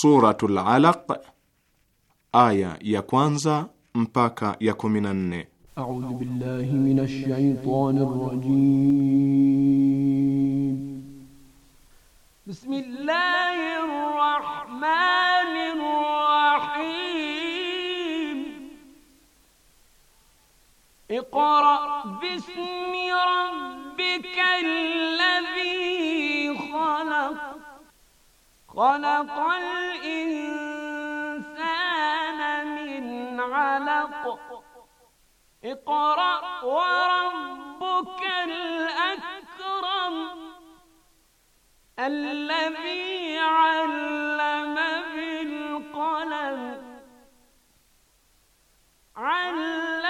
Suratul Alaq aya ya kwanza mpaka ya 14. A'udhu billahi minash shaitanir rajim. Bismillahir rahmanir rahim. Iqra bismi rabbikal ladhi خلق الإنسان من علق اقرأ وربك الأكرم الذي علم بالقلم علم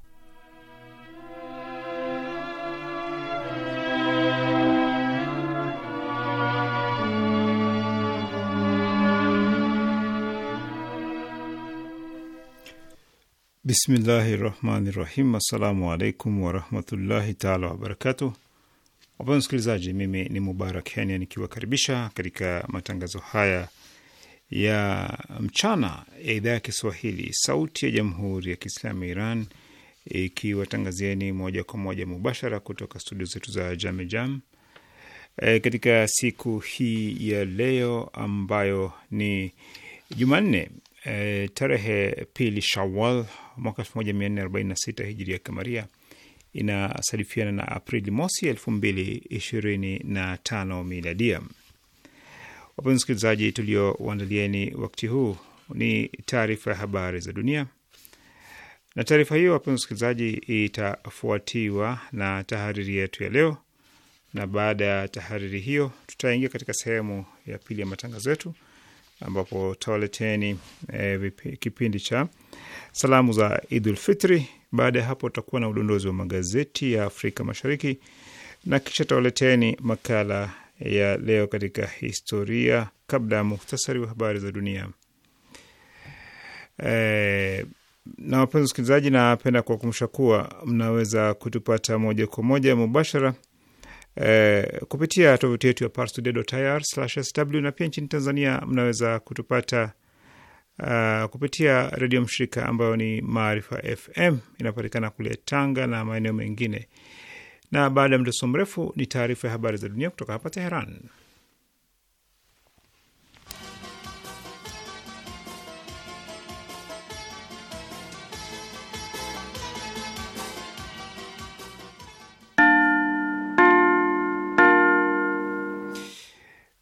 Bismillahi rahmani rahim. Assalamu alaikum warahmatullahi taala wabarakatu. Wapenzi msikilizaji, mimi ni Mubarak Henia nikiwakaribisha katika matangazo haya ya mchana ya idhaa ya Kiswahili sauti ya jamhuri ya Kiislamu ya Iran ikiwatangazieni moja kwa moja mubashara kutoka studio zetu za Jamejam Jam. E, katika siku hii ya leo ambayo ni Jumanne e, tarehe pili Shawal mwaka 1446 hijiri ya kamaria inasadifiana na Aprili mosi elfu mbili ishirini na tano miladia. Wapenzi msikilizaji, tuliowaandalieni wakti huu ni taarifa ya habari za dunia, na taarifa hiyo wapenzi msikilizaji, itafuatiwa na tahariri yetu ya leo, na baada ya tahariri hiyo tutaingia katika sehemu ya pili ya matangazo yetu ambapo tawaleteni e, eh, kipindi cha salamu za Idul Fitri. Baada ya hapo, tutakuwa na udondozi wa magazeti ya Afrika Mashariki na kisha tawaleteni makala ya leo katika historia, kabla ya muhtasari wa habari za dunia. E, na wapenzi wasikilizaji, napenda kuwakumbusha kuwa mnaweza kutupata moja kwa moja mubashara eh, kupitia tovuti yetu ya parstoday.ir/sw na pia nchini Tanzania mnaweza kutupata Uh, kupitia redio mshirika ambayo ni Maarifa FM inapatikana kule Tanga na maeneo mengine. Na baada ya mdoso mrefu ni taarifa ya habari za dunia kutoka hapa Teheran.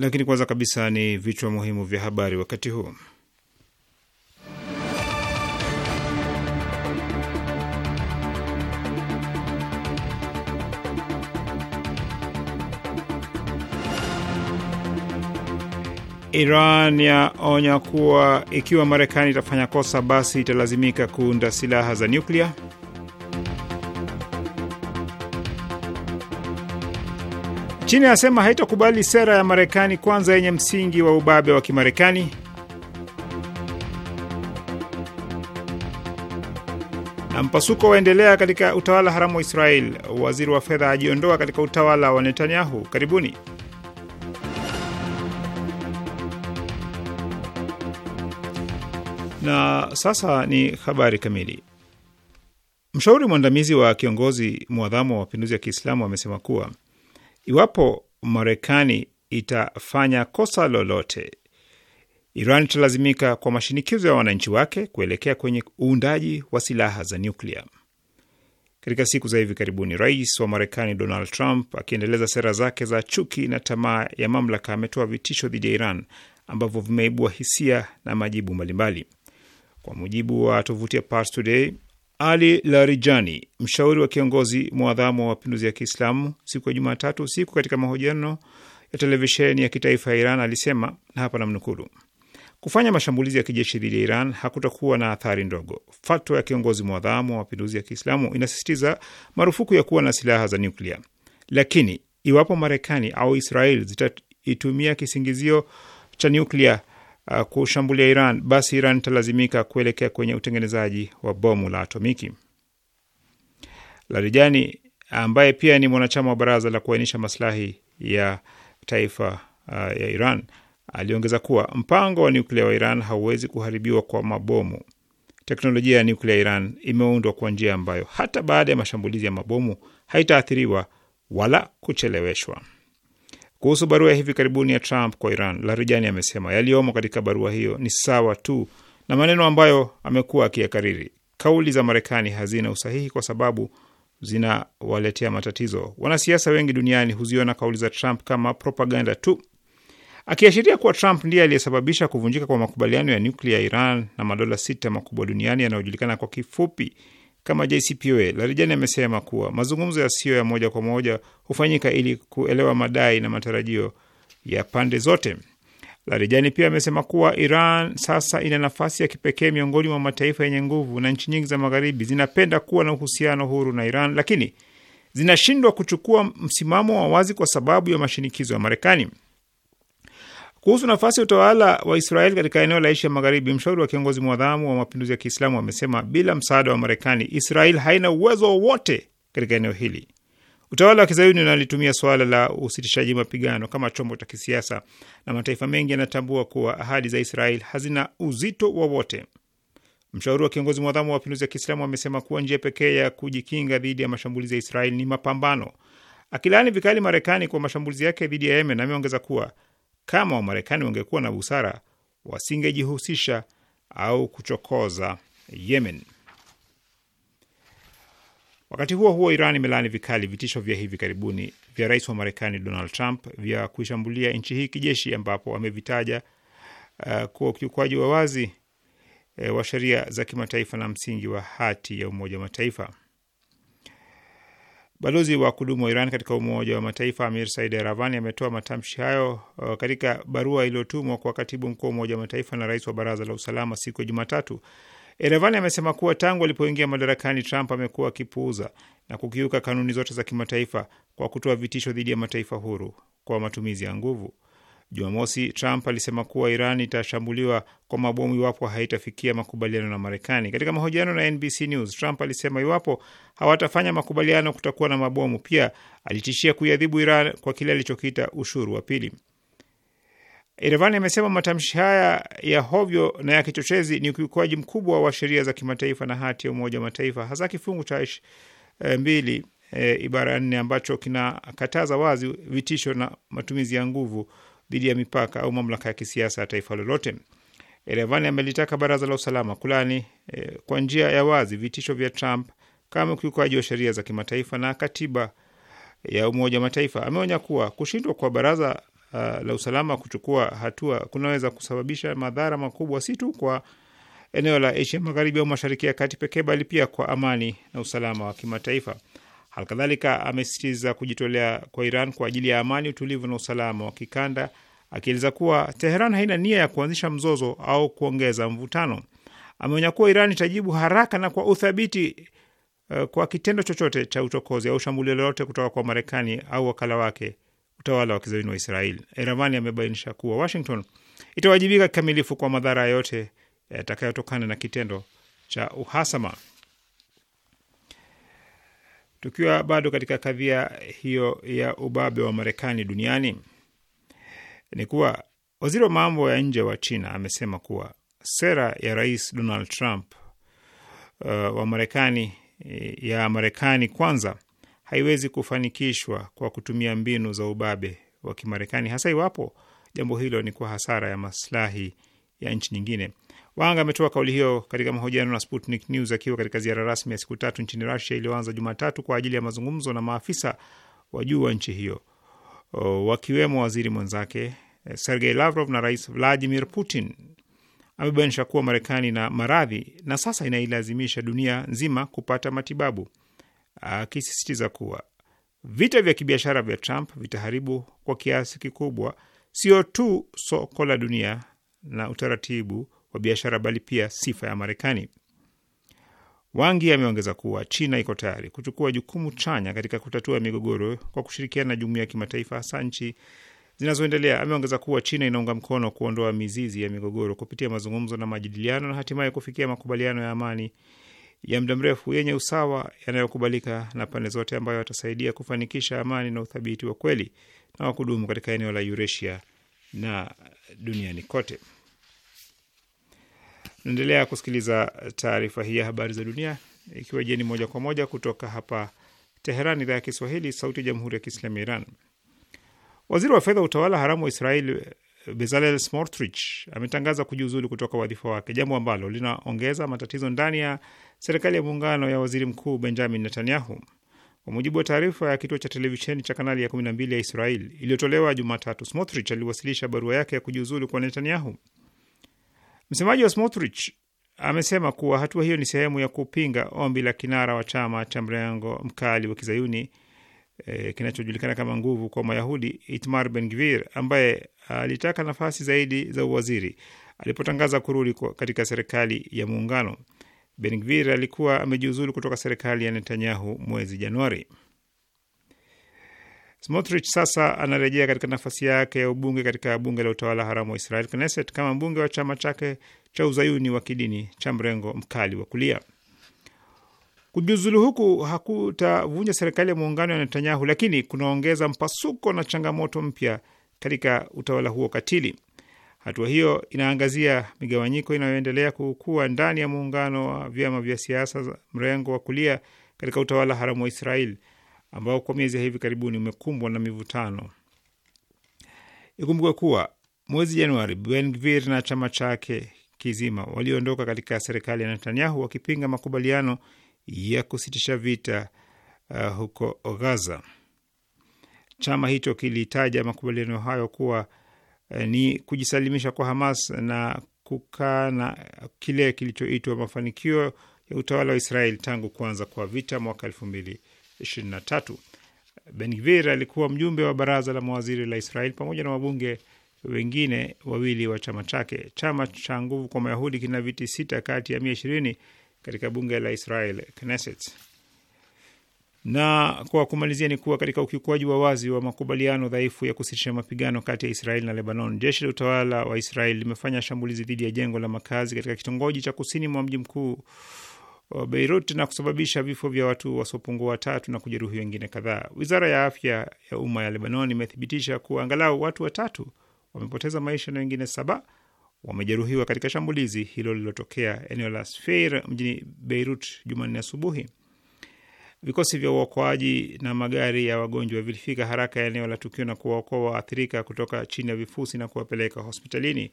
lakini kwanza kabisa ni vichwa muhimu vya habari wakati huu. Iran yaonya kuwa ikiwa Marekani itafanya kosa, basi italazimika kuunda silaha za nyuklia. China anasema haitakubali sera ya Marekani kwanza yenye msingi wa ubabe wa Kimarekani. Na mpasuko waendelea katika utawala haramu wa Israel. Waziri wa fedha ajiondoa katika utawala wa Netanyahu. Karibuni. Na sasa ni habari kamili. Mshauri mwandamizi wa kiongozi mwadhamu wa mapinduzi ya Kiislamu amesema kuwa Iwapo Marekani itafanya kosa lolote, Iran italazimika kwa mashinikizo ya wananchi wake kuelekea kwenye uundaji wa silaha za nyuklia. Katika siku za hivi karibuni, rais wa Marekani Donald Trump akiendeleza sera zake za chuki na tamaa ya mamlaka ametoa vitisho dhidi ya Iran ambavyo vimeibua hisia na majibu mbalimbali. Kwa mujibu wa tovuti ya Pars Today, ali Larijani, mshauri wa kiongozi mwadhamu wa mapinduzi ya Kiislamu, siku ya Jumatatu usiku katika mahojiano ya televisheni ya kitaifa ya Iran alisema, na hapa namnukulu: kufanya mashambulizi ya kijeshi dhidi ya Iran hakutakuwa na athari ndogo. Fatwa ya kiongozi mwadhamu wa mapinduzi ya Kiislamu inasisitiza marufuku ya kuwa na silaha za nyuklia, lakini iwapo Marekani au Israel zitaitumia kisingizio cha nyuklia Uh, kushambulia Iran, basi Iran italazimika kuelekea kwenye utengenezaji wa bomu la atomiki. Larijani ambaye pia ni mwanachama wa baraza la kuainisha maslahi ya taifa uh, ya Iran aliongeza kuwa mpango wa nyuklia wa Iran hauwezi kuharibiwa kwa mabomu. Teknolojia ya nyuklia ya Iran imeundwa kwa njia ambayo hata baada ya mashambulizi ya mabomu haitaathiriwa wala kucheleweshwa. Kuhusu barua ya hivi karibuni ya Trump kwa Iran, Larijani amesema yaliyomo katika barua hiyo ni sawa tu na maneno ambayo amekuwa akiyakariri. Kauli za Marekani hazina usahihi kwa sababu zinawaletea matatizo wanasiasa wengi duniani. Huziona kauli za Trump kama propaganda tu, akiashiria kuwa Trump ndiye aliyesababisha kuvunjika kwa makubaliano ya nyuklia ya Iran na madola sita makubwa duniani yanayojulikana kwa kifupi kama JCPOA. Larijani amesema kuwa mazungumzo yasiyo ya moja kwa moja hufanyika ili kuelewa madai na matarajio ya pande zote. Larijani pia amesema kuwa Iran sasa ina nafasi ya kipekee miongoni mwa mataifa yenye nguvu, na nchi nyingi za Magharibi zinapenda kuwa na uhusiano huru na Iran, lakini zinashindwa kuchukua msimamo wa wazi kwa sababu ya mashinikizo ya Marekani. Kuhusu nafasi ya utawala wa Israeli katika eneo la Asia Magharibi, mshauri wa kiongozi mwadhamu wa mapinduzi ya Kiislamu amesema bila msaada wa Marekani, Israel haina uwezo wowote katika eneo hili. Utawala wa kizayuni unalitumia suala la usitishaji mapigano kama chombo cha kisiasa na mataifa mengi yanatambua kuwa ahadi za Israel hazina uzito wowote. Mshauri wa kiongozi mwadhamu wa mapinduzi ya Kiislamu amesema kuwa njia pekee ya kujikinga dhidi ya mashambulizi ya Israel ni mapambano, akilaani vikali Marekani kwa mashambulizi yake dhidi ya Yemen. Ameongeza kuwa kama Wamarekani wangekuwa na busara, wasingejihusisha au kuchokoza Yemen. Wakati huo huo, Iran imelaani vikali vitisho vya hivi karibuni vya rais wa Marekani Donald Trump vya kuishambulia nchi hii kijeshi, ambapo amevitaja uh, kuwa ukiukwaji wa wazi uh, wa sheria za kimataifa na msingi wa hati ya Umoja wa Mataifa. Balozi wa kudumu wa Iran katika Umoja wa Mataifa Amir Said Eravani ametoa matamshi hayo uh, katika barua iliyotumwa kwa katibu mkuu wa Umoja wa Mataifa na rais wa Baraza la Usalama siku ya Jumatatu. Eravani amesema kuwa tangu alipoingia madarakani, Trump amekuwa akipuuza na kukiuka kanuni zote za kimataifa kwa kutoa vitisho dhidi ya mataifa huru kwa matumizi ya nguvu. Jumamosi, Trump alisema kuwa Iran itashambuliwa kwa mabomu iwapo haitafikia makubaliano na Marekani. Katika mahojiano na NBC News, Trump alisema iwapo hawatafanya makubaliano kutakuwa na mabomu. Pia alitishia kuiadhibu Iran kwa kile alichokiita ushuru wa pili. Iravani amesema matamshi haya ya hovyo na ya kichochezi ni ukiukaji mkubwa wa sheria za kimataifa na hati ya Umoja wa Mataifa, hasa kifungu cha eh, mbili e, ibara ya nne ambacho kinakataza wazi vitisho na matumizi ya nguvu dhidi ya mipaka au mamlaka ya kisiasa ya taifa lolote. Erevani amelitaka baraza la usalama kulani eh, kwa njia ya wazi vitisho vya Trump kama ukiukaji wa sheria za kimataifa na katiba ya Umoja wa Mataifa. Ameonya kuwa kushindwa kwa baraza uh, la usalama kuchukua hatua kunaweza kusababisha madhara makubwa si tu kwa eneo la Asia Magharibi au Mashariki ya Kati pekee bali pia kwa amani na usalama wa kimataifa. Alkadhalika amesisitiza kujitolea kwa Iran kwa ajili ya amani, utulivu na usalama wa kikanda, akieleza kuwa Teheran haina nia ya kuanzisha mzozo au kuongeza mvutano. Ameonya kuwa Iran itajibu haraka na kwa uthabiti uh, kwa kitendo chochote cha uchokozi au shambulio lolote kutoka kwa Marekani au wakala wake utawala wa kizayuni wa Israel. Iravani amebainisha kuwa Washington itawajibika kikamilifu kwa madhara yote yatakayotokana na kitendo cha uhasama. Tukiwa bado katika kadhia hiyo ya ubabe wa Marekani duniani ni kuwa waziri wa mambo ya nje wa China amesema kuwa sera ya Rais Donald Trump uh, wa Marekani ya Marekani kwanza haiwezi kufanikishwa kwa kutumia mbinu za ubabe wa Kimarekani, hasa iwapo jambo hilo ni kwa hasara ya maslahi ya nchi nyingine wanga ametoa kauli hiyo katika mahojiano na Sputnik News akiwa katika ziara rasmi ya siku tatu nchini Rusia iliyoanza Jumatatu kwa ajili ya mazungumzo na maafisa wa juu wa nchi hiyo wakiwemo waziri mwenzake eh, Sergei Lavrov na Rais Vladimir Putin. Amebainisha kuwa Marekani na maradhi na sasa inailazimisha dunia nzima kupata matibabu, akisisitiza kuwa vita vya kibiashara vya Trump vitaharibu kwa kiasi kikubwa sio tu soko la dunia na utaratibu wa biashara bali pia sifa ya Marekani. Wangi ameongeza kuwa China iko tayari kuchukua jukumu chanya katika kutatua migogoro kwa kushirikiana na jumuiya ya kimataifa, hasa nchi zinazoendelea. Ameongeza kuwa China inaunga mkono kuondoa mizizi ya migogoro kupitia mazungumzo na majadiliano na hatimaye kufikia makubaliano ya amani ya muda mrefu yenye usawa yanayokubalika na pande zote, ambayo yatasaidia kufanikisha amani na uthabiti wa kweli na wa kudumu katika eneo la Eurasia na duniani kote. Naendelea kusikiliza taarifa hii ya habari za dunia ikiwa jeni moja kwa moja kutoka hapa Teheran, idhaa ya Kiswahili, sauti ya jamhuri ya kiislamu ya Iran. Waziri wa fedha wa utawala haramu wa Israel Bezalel Smotrich ametangaza kujiuzulu kutoka wadhifa wake, jambo ambalo linaongeza matatizo ndani ya serikali ya muungano ya waziri mkuu Benjamin Netanyahu. Kwa mujibu wa taarifa ya kituo cha televisheni cha kanali ya 12 ya Israel iliyotolewa Jumatatu, Smotrich aliwasilisha barua yake ya kujiuzulu kwa Netanyahu. Msemaji wa Smotrich amesema kuwa hatua hiyo ni sehemu ya kupinga ombi la kinara wa chama cha mrengo mkali wa kizayuni e, kinachojulikana kama nguvu kwa Mayahudi Itmar Ben Gvir ambaye alitaka nafasi zaidi za uwaziri alipotangaza kurudi katika serikali ya muungano. Ben Gvir alikuwa amejiuzulu kutoka serikali ya Netanyahu mwezi Januari. Smotrich sasa anarejea katika nafasi yake ya ubunge katika bunge la utawala haramu wa Israel, Knesset, kama mbunge wa chama chake cha uzayuni wa kidini cha mrengo mkali wa kulia. Kujiuzulu huku hakutavunja serikali ya muungano ya Netanyahu, lakini kunaongeza mpasuko na changamoto mpya katika utawala huo katili. Hatua hiyo inaangazia migawanyiko inayoendelea kukua ndani ya muungano wa vyama vya siasa za mrengo wa kulia katika utawala haramu wa Israel ambao kwa miezi ya hivi karibuni umekumbwa na mivutano. Ikumbuke kuwa mwezi Januari, Ben Gvir na chama chake kizima waliondoka katika serikali ya Netanyahu wakipinga makubaliano ya kusitisha vita uh, huko Gaza. Chama hicho kilitaja makubaliano hayo kuwa uh, ni kujisalimisha kwa Hamas na kukaa na kile kilichoitwa mafanikio ya utawala wa Israeli tangu kuanza kwa vita mwaka elfu mbili 23. Benvir alikuwa mjumbe wa baraza la mawaziri la Israel pamoja na wabunge wengine wawili wa chama chake. Chama cha Nguvu kwa Mayahudi kina viti sita kati ya mia ishirini katika bunge la Israel, Knesset. Na kwa kumalizia ni kuwa katika ukiukuaji wa wazi wa makubaliano dhaifu ya kusitisha mapigano kati ya Israel na Lebanon, jeshi la utawala wa Israel limefanya shambulizi dhidi ya jengo la makazi katika kitongoji cha kusini mwa mji mkuu Uh, Beirut na kusababisha vifo vya watu wasiopungua watatu na kujeruhi wengine kadhaa. Wizara ya afya ya umma ya Lebanon imethibitisha kuwa angalau watu watatu wamepoteza maisha na wengine saba wamejeruhiwa katika shambulizi hilo lililotokea eneo la Sfair mjini Beirut Jumanne asubuhi. Vikosi vya uokoaji na magari ya wagonjwa vilifika haraka eneo la tukio na kuwaokoa waathirika kutoka chini ya vifusi na kuwapeleka hospitalini.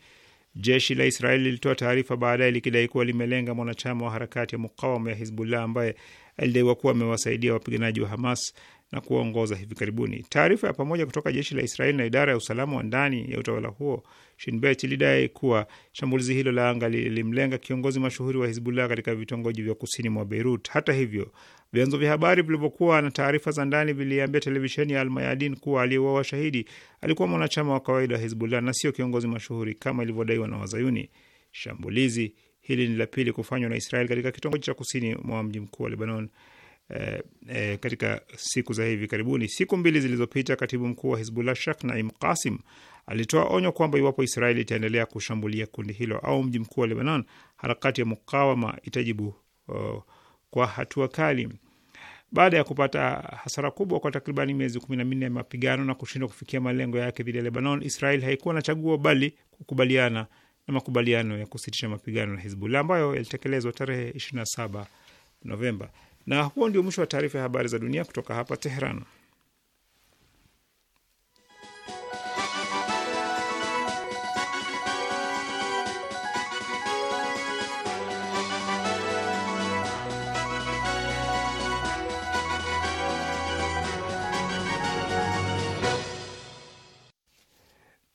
Jeshi la Israeli lilitoa taarifa baadaye likidai kuwa limelenga mwanachama wa harakati ya mukawama ya Hizbullah ambaye alidaiwa kuwa amewasaidia wapiganaji wa Hamas na kuwaongoza hivi karibuni. Taarifa ya pamoja kutoka jeshi la Israeli na idara ya usalama wa ndani ya utawala huo Shinbet ilidai kuwa shambulizi hilo la anga lilimlenga kiongozi mashuhuri wa Hizbullah katika vitongoji vya kusini mwa Beirut. Hata hivyo, vyanzo vya habari vilivyokuwa na taarifa za ndani viliambia televisheni ya Almayadin kuwa aliyeuawa shahidi alikuwa mwanachama wa kawaida wa Hizbullah na sio kiongozi mashuhuri kama ilivyodaiwa na Wazayuni. Shambulizi hili ni la pili kufanywa na Israel katika kitongoji cha kusini mwa mji mkuu wa Lebanon. E, e, katika siku za hivi karibuni, siku mbili zilizopita, katibu mkuu wa Hizbullah Shak Naim Qasim alitoa onyo kwamba iwapo Israeli itaendelea kushambulia kundi hilo au mji mkuu wa Lebanon, harakati ya mukawama itajibu uh, kwa hatua kali. Baada ya kupata hasara kubwa kwa takribani miezi kumi na minne ya mapigano na kushindwa kufikia malengo yake dhidi ya Lebanon, Israel haikuwa na chaguo bali kukubaliana na makubaliano ya kusitisha mapigano na Hizbullah ambayo yalitekelezwa tarehe 27 Novemba. Na huo ndio mwisho wa taarifa ya habari za dunia kutoka hapa teheran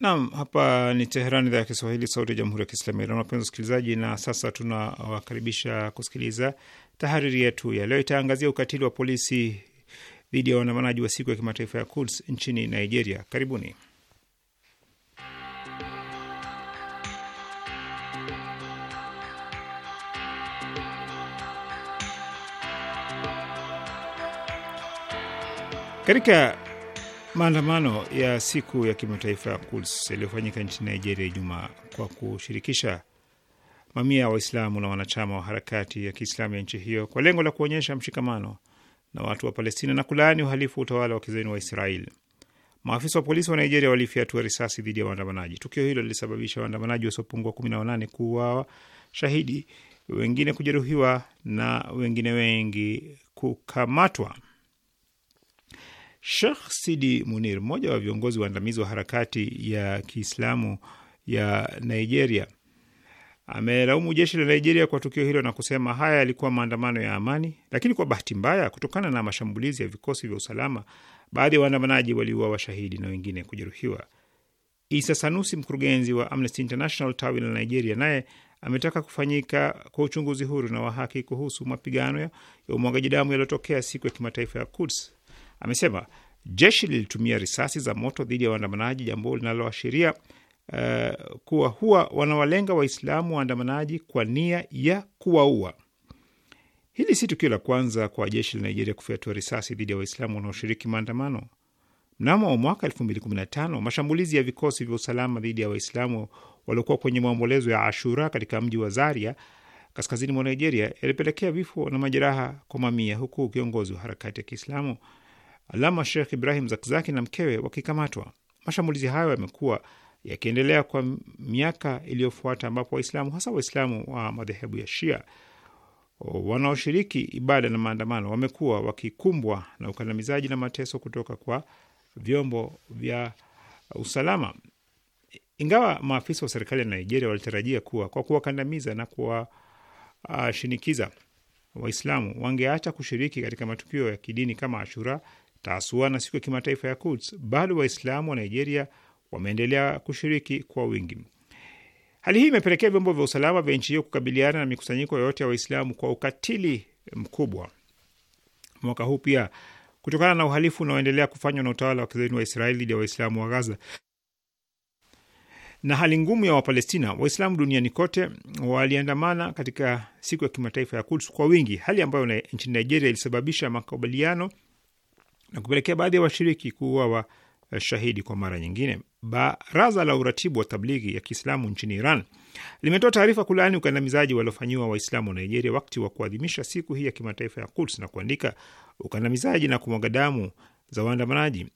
Naam, hapa ni Teheran, idhaa ya Kiswahili, sauti ya jamhuri ya kiislamu ya Iran. Wapenzi wasikilizaji, na sasa tunawakaribisha kusikiliza tahariri yetu ya leo. Itaangazia ukatili wa polisi dhidi ya waandamanaji wa siku ya kimataifa ya Quds nchini Nigeria. Karibuni. Katika Maandamano ya siku ya kimataifa ya Quds yaliyofanyika nchini Nigeria Ijumaa kwa kushirikisha mamia ya Waislamu na wanachama wa harakati ya Kiislamu ya nchi hiyo kwa lengo la kuonyesha mshikamano na watu wa Palestina na kulaani uhalifu wa utawala wa kizayuni wa Israel. Maafisa wa polisi wa Nigeria walifyatua risasi dhidi ya waandamanaji. Tukio hilo lilisababisha waandamanaji wasiopungua kumi na wanane kuuawa shahidi, wengine kujeruhiwa na wengine wengi kukamatwa. Shekh Sidi Munir, mmoja wa viongozi waandamizi wa harakati ya Kiislamu ya Nigeria, amelaumu jeshi la Nigeria kwa tukio hilo na kusema haya yalikuwa maandamano ya amani, lakini kwa bahati mbaya, kutokana na mashambulizi ya vikosi vya usalama, baadhi ya waandamanaji waliuawa washahidi na wengine kujeruhiwa. Isa Sanusi, mkurugenzi wa Amnesty International tawi la Nigeria, naye ametaka kufanyika kwa uchunguzi huru na wa haki kuhusu mapigano ya umwagaji damu yaliyotokea siku ya kimataifa ya Quds amesema jeshi lilitumia risasi za moto dhidi ya waandamanaji, jambo linaloashiria uh, kuwa huwa wanawalenga Waislamu waandamanaji kwa nia ya kuwaua. Hili si tukio la kwanza kwa jeshi la Nigeria kufyatua risasi dhidi ya Waislamu wanaoshiriki maandamano. Mnamo mwaka 2015 mashambulizi ya vikosi vya usalama dhidi ya Waislamu waliokuwa kwenye maombolezo ya Ashura katika mji wa Zaria kaskazini mwa Nigeria yalipelekea vifo na majeraha kwa mamia, huku kiongozi wa harakati ya Kiislamu Alama Sheikh Ibrahim Zakzaki na mkewe wakikamatwa. Mashambulizi hayo yamekuwa yakiendelea kwa miaka iliyofuata, ambapo Waislamu hasa Waislamu wa madhehebu ya Shia wanaoshiriki ibada na maandamano wamekuwa wakikumbwa na ukandamizaji na mateso kutoka kwa vyombo vya usalama. Ingawa maafisa wa serikali ya Nigeria walitarajia kuwa kwa kuwakandamiza na kuwashinikiza Waislamu wangeacha kushiriki katika matukio ya kidini kama Ashura, Tasua na siku ya kimataifa ya Quds, bado Waislamu wa Nigeria wameendelea kushiriki kwa wingi. Hali hii imepelekea vyombo vya usalama vya nchi hiyo kukabiliana na mikusanyiko yoyote ya Waislamu kwa ukatili mkubwa mwaka huu pia, kutokana na uhalifu unaoendelea kufanywa na utawala wa kizayuni wa Israeli dhidi ya Waislamu wa Gaza na hali ngumu ya Wapalestina. Waislamu duniani kote waliandamana katika siku ya kimataifa ya Quds kwa wingi, hali ambayo nchini Nigeria ilisababisha makubaliano na kupelekea baadhi ya washiriki wa eh, shahidi kwa mara nyingine. Baraza la uratibu wa tablighi ya Kiislamu nchini Iran limetoa taarifa kulaani ukandamizaji waliofanyiwa Waislamu wa Nigeria wakati wa kuadhimisha siku hii ya kimataifa ya Quds na kuandika, ukandamizaji na kumwaga damu za waandamanaji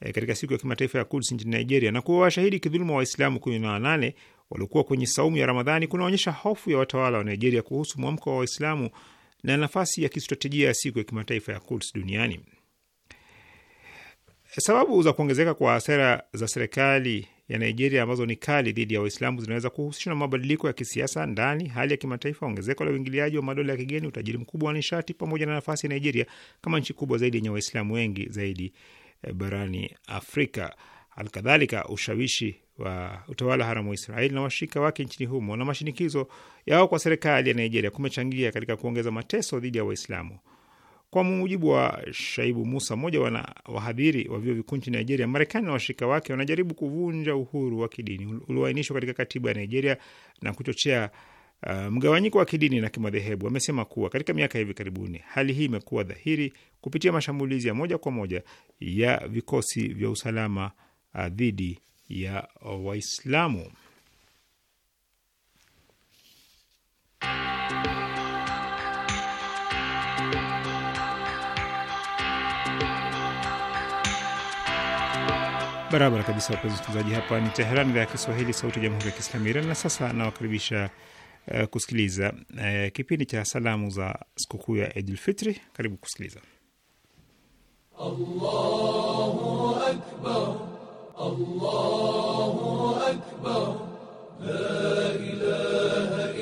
e, katika siku ya kimataifa ya Quds nchini Nigeria na kuwa washahidi kidhuluma Waislamu kumi na wanane waliokuwa kwenye saumu ya Ramadhani kunaonyesha hofu ya watawala wa Nigeria kuhusu mwamko wa Waislamu na nafasi ya kistratejia ya siku ya kimataifa ya Quds duniani. Sababu za kuongezeka kwa sera za serikali ya Nigeria ambazo ni kali dhidi ya Waislamu zinaweza kuhusishwa na mabadiliko ya kisiasa ndani, hali ya kimataifa, ongezeko la uingiliaji wa madola ya kigeni, utajiri mkubwa wa nishati, pamoja na nafasi ya Nigeria kama nchi kubwa zaidi yenye Waislamu wengi zaidi eh, barani Afrika. Alkadhalika, ushawishi wa utawala haramu wa Israeli na washirika wake nchini humo na mashinikizo yao kwa serikali ya Nigeria kumechangia katika kuongeza mateso dhidi ya Waislamu. Kwa mujibu wa Shaibu Musa, mmoja wana wahadhiri wa vyuo vikuu nchini Nigeria, Marekani na washirika wake wanajaribu kuvunja uhuru wa kidini ulioainishwa katika katiba ya Nigeria na kuchochea Uh, mgawanyiko wa kidini na kimadhehebu. Amesema kuwa katika miaka hivi karibuni hali hii imekuwa dhahiri kupitia mashambulizi ya moja kwa moja ya vikosi vya usalama uh, dhidi ya Waislamu. Barabara kabisa, wapenzi wasikilizaji, hapa ni Teheran, idhaa ya Kiswahili, sauti ya jamhuri ya kiislamu Iran. Na sasa nawakaribisha uh, kusikiliza uh, kipindi cha salamu za sikukuu ya Idul Fitri. Karibu kusikiliza. Allahu Akbar, Allahu Akbar, la ilaha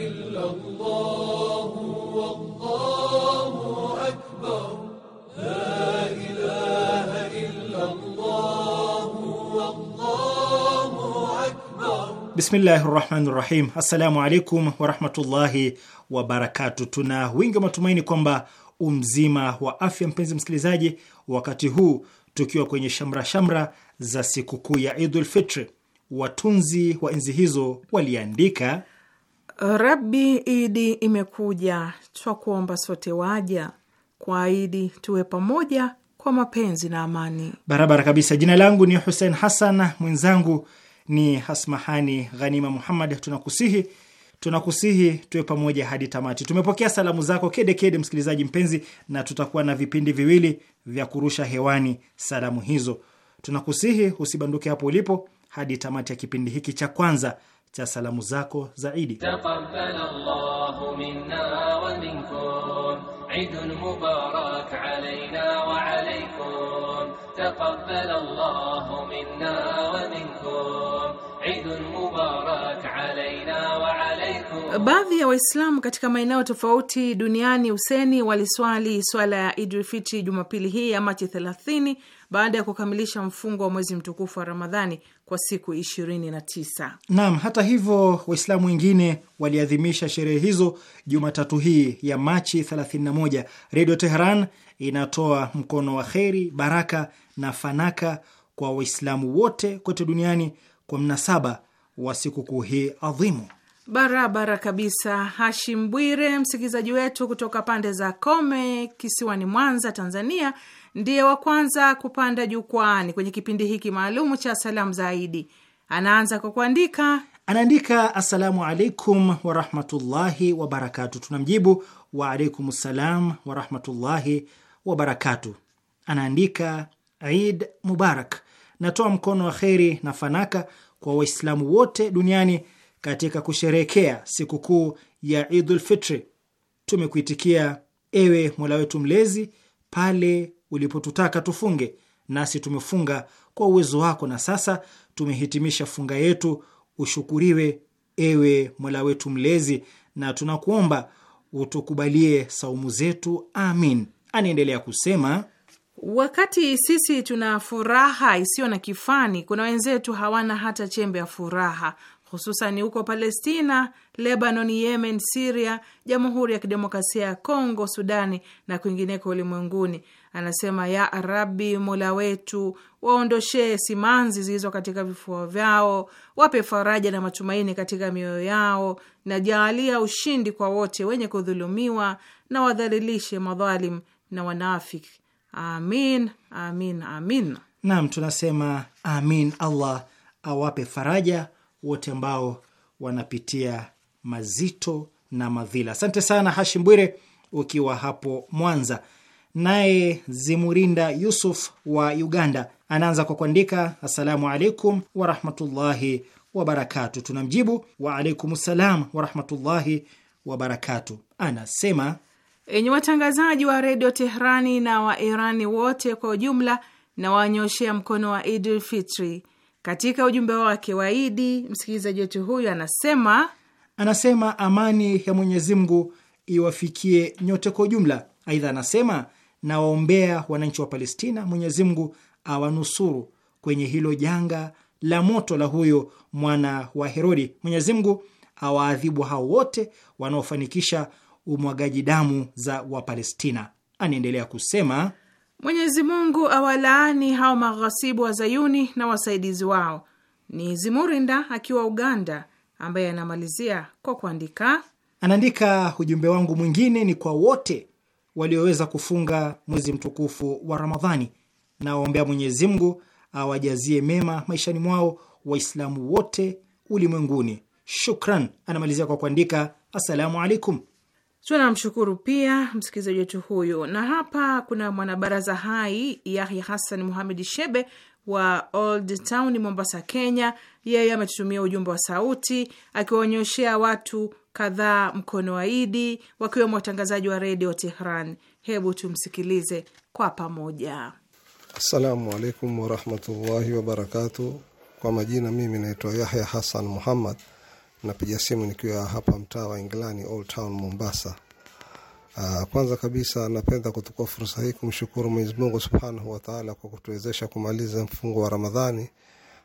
Bismillahi rahmani rahim. Assalamu alaikum warahmatullahi wabarakatu. Tuna wingi wa matumaini kwamba umzima wa afya, mpenzi msikilizaji, wakati huu tukiwa kwenye shamra shamra za sikukuu ya Idul Fitri. Watunzi wa enzi hizo waliandika, rabi Idi imekuja, twa kuomba sote waja kwa Idi, tuwe pamoja kwa mapenzi na amani. Barabara kabisa. Jina langu ni Hussein Hassan, mwenzangu ni Hasmahani Ghanima Muhammad. Tunakusihi, tunakusihi tuwe pamoja hadi tamati. Tumepokea salamu zako kede kede, msikilizaji mpenzi, na tutakuwa na vipindi viwili vya kurusha hewani salamu hizo. Tunakusihi usibanduke hapo ulipo hadi tamati ya kipindi hiki cha kwanza cha salamu zako za Idi. Taqabbal Allahu minna wa minkum Baadhi ya Waislamu katika maeneo tofauti duniani useni waliswali swala ya Idrifiti Jumapili hii ya Machi 30 baada ya kukamilisha mfungo wa mwezi mtukufu wa Ramadhani kwa siku 29. Naam, hata hivyo Waislamu wengine waliadhimisha sherehe hizo Jumatatu hii ya Machi 31. Redio Teheran inatoa mkono wa kheri, baraka na fanaka kwa Waislamu wote kote duniani kwa mnasaba wa sikukuu hii adhimu. Barabara kabisa, Hashim Bwire, msikilizaji wetu kutoka pande za Kome kisiwani Mwanza, Tanzania, ndiye wa kwanza kupanda jukwani kwenye kipindi hiki maalumu cha salamu zaidi. Anaanza kwa kuandika, anaandika assalamu alaikum warahmatullahi wabarakatu. Tunamjibu waalaikum salam warahmatullahi wabarakatu. Anaandika Id Mubarak, natoa mkono wa kheri na fanaka kwa Waislamu wote duniani katika kusherekea sikukuu ya Idul Fitri, tumekuitikia ewe Mola wetu Mlezi pale ulipotutaka tufunge, nasi tumefunga kwa uwezo wako, na sasa tumehitimisha funga yetu. Ushukuriwe ewe Mola wetu Mlezi, na tunakuomba utukubalie saumu zetu, amin. Anaendelea kusema Wakati sisi tuna furaha isiyo na kifani, kuna wenzetu hawana hata chembe ya furaha hususan huko Palestina, Lebanon, Yemen, Siria, Jamhuri ya Kidemokrasia ya Kongo, Sudani na kwingineko ulimwenguni. Anasema, ya arabi mola wetu, waondoshee simanzi zilizo katika vifua vyao, wape faraja na matumaini katika mioyo yao, na jaalia ushindi kwa wote wenye kudhulumiwa, na wadhalilishe madhalim na wanafiki. Amin, amin, amin. Naam, tunasema amin. Allah awape faraja wote ambao wanapitia mazito na madhila. Asante sana Hashim Bwire ukiwa hapo Mwanza. Naye Zimurinda Yusuf wa Uganda anaanza kwa kuandika assalamu alaikum warahmatullahi wabarakatu. Tunamjibu waalaikum salam warahmatullahi wabarakatu. Anasema enye watangazaji wa redio Teherani na wa Irani wote kwa ujumla, na wanyoshea mkono wa Idul Fitri katika ujumbe wake wa Idi, msikilizaji wetu huyu anasema anasema amani ya Mwenyezi Mungu iwafikie nyote kwa ujumla. Aidha anasema nawaombea wananchi wa Palestina, Mwenyezi Mungu awanusuru kwenye hilo janga la moto la huyo mwana wa Herodi. Mwenyezi Mungu awaadhibu hao wote wanaofanikisha umwagaji damu za Wapalestina. Anaendelea kusema Mwenyezi Mungu awalaani hao maghasibu wa Zayuni na wasaidizi wao. Ni Zimurinda akiwa Uganda, ambaye anamalizia kwa kuandika, anaandika ujumbe wangu mwingine ni kwa wote walioweza kufunga mwezi mtukufu wa Ramadhani, na waombea Mwenyezi Mungu awajazie mema maishani mwao Waislamu wote ulimwenguni. Shukran. Anamalizia kwa kuandika, assalamu alaikum. Tunamshukuru pia msikilizaji wetu huyu, na hapa kuna mwanabaraza hai Yahya Hassan Muhamed Shebe wa Old Town Mombasa, Kenya. Yeye ametutumia ujumbe wa sauti akiwaonyeshea watu kadhaa mkono wa Idi, wakiwemo watangazaji wa redio Tehran. Hebu tumsikilize kwa pamoja. Assalamu alaikum warahmatullahi wabarakatu. Kwa majina mimi naitwa Yahya Hassan Muhammad Napiga simu nikiwa hapa mtaa wa Englani, Old Town Mombasa. Uh, kwanza kabisa napenda kuchukua fursa hii kumshukuru Mwenyezi Mungu Subhanahu wa Ta'ala kwa kutuwezesha kumaliza mfungo wa Ramadhani.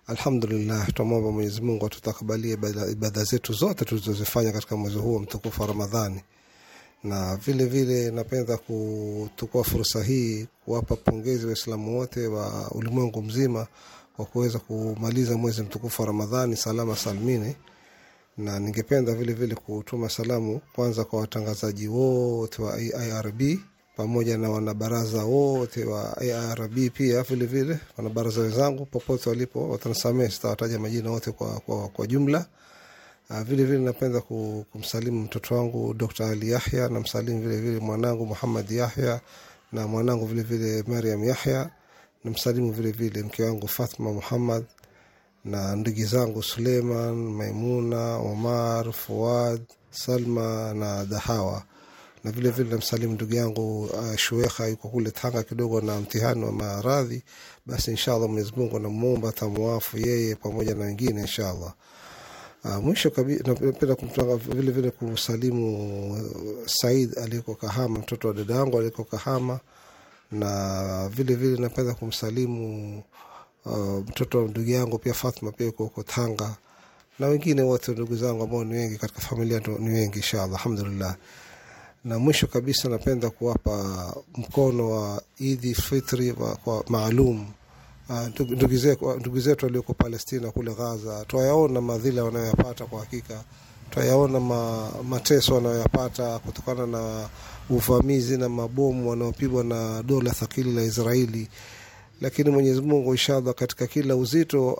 Alhamdulillah, tumwomba Mwenyezi Mungu atutakabalie ibada zetu zote tulizozifanya katika mwezi huu mtukufu wa Ramadhani. Na vile vile napenda kuchukua fursa hii kuwapa pongezi Waislamu wote wa ulimwengu mzima kwa kuweza kumaliza mwezi mtukufu wa Ramadhani salama salmini na ningependa vile vile kutuma salamu kwanza kwa watangazaji wote wa IRB pamoja na wanabaraza wote wa IRB pia vile vile wanabaraza wenzangu popote walipo, watanisamehe, sitawataja majina wote kwa, kwa, kwa jumla. Ah, vile vile napenda kumsalimu mtoto wangu Dr. Ali Yahya, namsalimu vile vile mwanangu Muhammad Yahya na mwanangu vile vile Mariam Yahya, namsalimu vile vile mke wangu Fatma Muhammad na ndugu zangu Suleiman, Maimuna, Omar, Fuad, Salma na Dahawa na vilevile namsalimu ndugu yangu uh, Shuweha yuko kule Tanga kidogo na mtihani wa maradhi. Basi inshallah Mwenyezi Mungu namuomba tamuafu yeye pamoja na wengine inshallah. Uh, mwisho kabisa napenda kumtanga vile vile kumsalimu uh, Said aliyeko Kahama, mtoto wa dada yangu aliyeko Kahama, na vile vile napenda kumsalimu Uh, mtoto uh, wa ndugu yangu pia Fatma pia yuko huko Tanga na wengine wote ndugu zangu ambao ni wengi katika familia ni wengi, inshallah alhamdulillah. Na mwisho kabisa, napenda kuwapa mkono wa Idi Fitri wa, kwa maalum uh, ndugu zetu walioko Palestina kule Gaza. Twayaona madhila wanayoyapata kwa hakika, twayaona ma, mateso wanayoyapata kutokana na uvamizi na mabomu wanaopigwa na dola thakili la Israeli lakini Mwenyezi Mungu inshallah katika kila uzito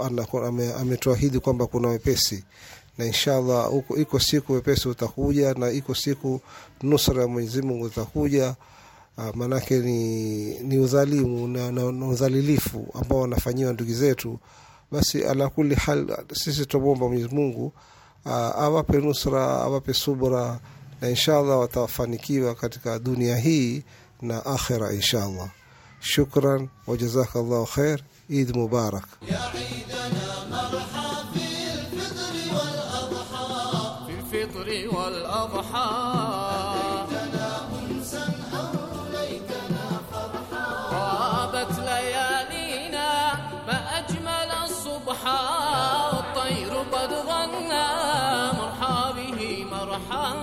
ametuahidi kwamba kuna wepesi na inshallah uko iko siku wepesi utakuja, na iko siku nusra ya Mwenyezi Mungu utakuja. Ah, Maanake ni, ni udhalimu na, na, na udhalilifu ambao wanafanyiwa ndugu zetu. Basi ala kuli hal, sisi tutamwomba Mwenyezi Mungu ah, awape nusra, awape subra, na inshallah watafanikiwa katika dunia hii na akhira inshallah. شكرا وجزاك الله خير عيد مبارك يا عيدنا مرحى في الفطر والأضحى في الفطر والأضحى مرحى به مرحى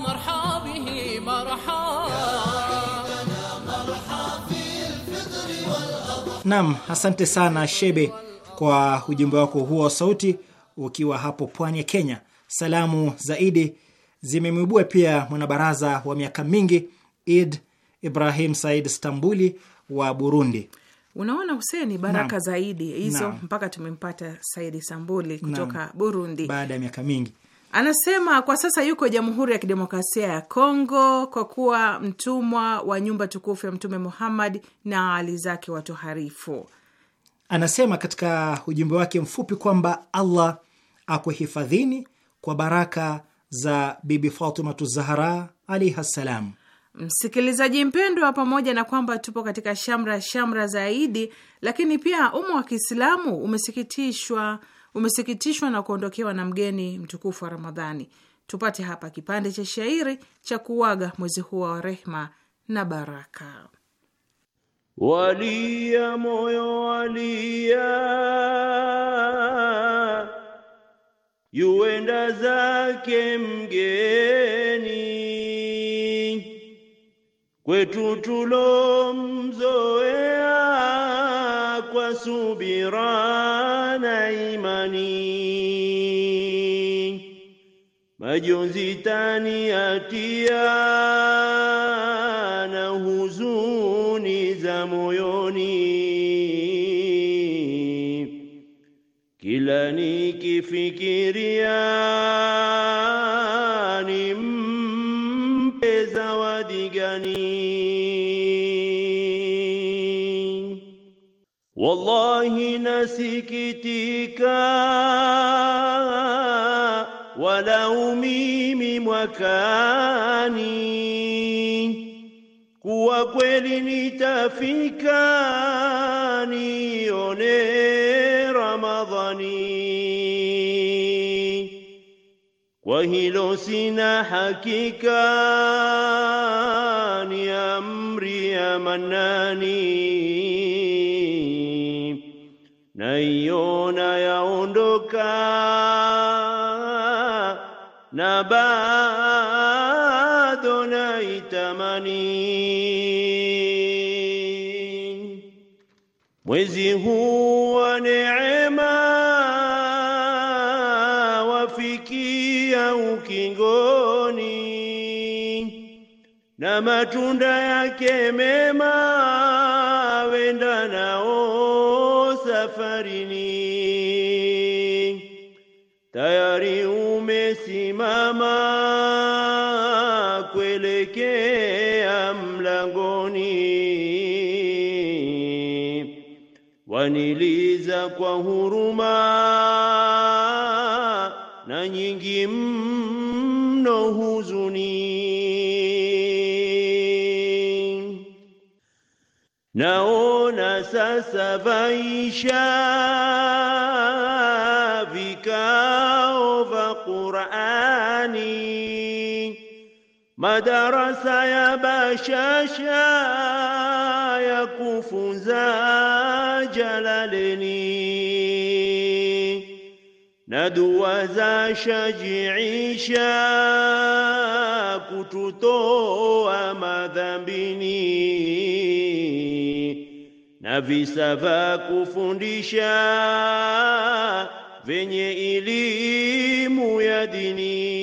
مرحى به مرحى Naam, asante sana Shebe kwa ujumbe wako huo wa sauti ukiwa hapo pwani ya Kenya. Salamu zaidi zimemwibua pia mwanabaraza wa miaka mingi Id Ibrahim Said Stambuli wa Burundi. Unaona Huseni, baraka zaidi hizo mpaka tumempata Saidi Sambuli kutoka Naam. Burundi baada ya miaka mingi. Anasema kwa sasa yuko Jamhuri ya Kidemokrasia ya Kongo kwa kuwa mtumwa wa nyumba tukufu ya Mtume Muhammad na ali zake watoharifu. Anasema katika ujumbe wake mfupi kwamba Allah akuhifadhini kwa baraka za Bibi Fatimatu Zahra alaihi ssalam. Msikilizaji mpendwa, pamoja na kwamba tupo katika shamra shamra zaidi, lakini pia umma wa Kiislamu umesikitishwa umesikitishwa na kuondokewa na mgeni mtukufu wa Ramadhani. Tupate hapa kipande cha shairi cha kuwaga mwezi huo wa rehma na baraka. Walia moyo walia, yuenda zake mgeni, kwetu tulomzoea kwa subira na imani majonzi taniatia na huzuni za moyoni, kila nikifikiria nimpe zawadi gani? Wallahi nasikitika wala umimi mwakani, kuwa kweli nitafika, nione Ramadhani. Kwa hilo sina hakika, ni amri ya Manani, naiona yaondoka na bado naitamani mwezi huu wa neema, wafikia ukingoni, na matunda yake mema, wenda nao safarini Simama kuelekea mlangoni, waniliza kwa huruma na nyingi mno huzuni. Naona sasa vaisha vikao Qur'ani, madarasa ya bashasha ya kufunza Jalaleni na za shajiisha kututoa madhambini na visa vya kufundisha venye elimu ya dini.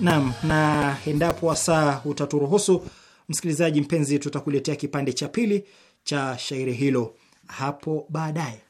Naam, na endapo wasaa utaturuhusu, msikilizaji mpenzi, tutakuletea kipande cha pili cha shairi hilo hapo baadaye.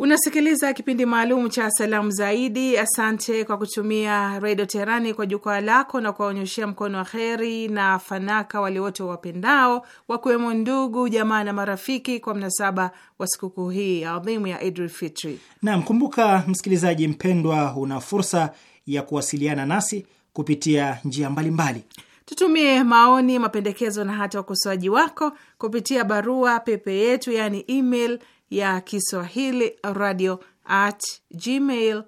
Unasikiliza kipindi maalum cha salamu zaidi. Asante kwa kutumia redio Teherani kwa jukwaa lako na kuwaonyeshea mkono wa kheri na fanaka wale wote wapendao, wakiwemo ndugu jamaa na marafiki, kwa mnasaba wa sikukuu hii adhimu ya Idul Fitri. Naam, kumbuka msikilizaji mpendwa, una fursa ya kuwasiliana nasi kupitia njia mbalimbali mbali. Tutumie maoni, mapendekezo na hata ukosoaji wako kupitia barua pepe yetu, yani email ya Kiswahili radio at gmail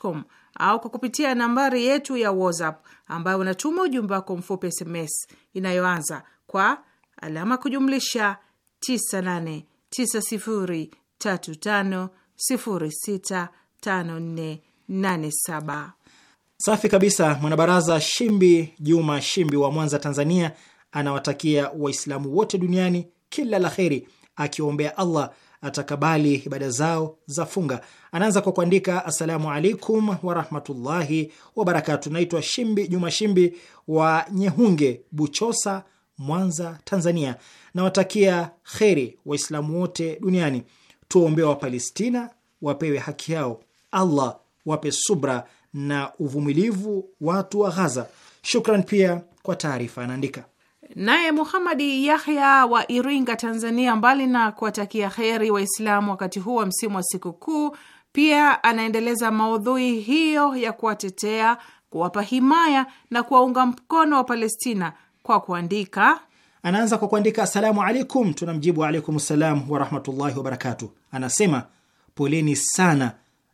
com au kwa kupitia nambari yetu ya WhatsApp ambayo unatuma ujumbe wako mfupi SMS inayoanza kwa alama kujumlisha 989035065487. Safi kabisa. Mwanabaraza Shimbi Juma Shimbi wa Mwanza, Tanzania, anawatakia Waislamu wote duniani kila la kheri, akiwaombea Allah atakabali ibada zao za funga. Anaanza kwa kuandika assalamu alaikum warahmatullahi wabarakatu. Naitwa Shimbi Juma Shimbi wa Nyehunge, Buchosa, Mwanza, Tanzania. Nawatakia kheri Waislamu wote duniani. Tuwaombea Wapalestina wapewe haki yao, Allah wape subra na uvumilivu watu wa Ghaza. Shukran pia kwa taarifa, anaandika Naye Muhamadi Yahya wa Iringa, Tanzania, mbali na kuwatakia heri Waislamu wakati huu wa msimu wa sikukuu, pia anaendeleza maudhui hiyo ya kuwatetea, kuwapa himaya na kuwaunga mkono wa Palestina kwa kuandika. Anaanza kwa kuandika asalamu alaikum, tunamjibu alaikum salam warahmatullahi wabarakatu. Anasema poleni sana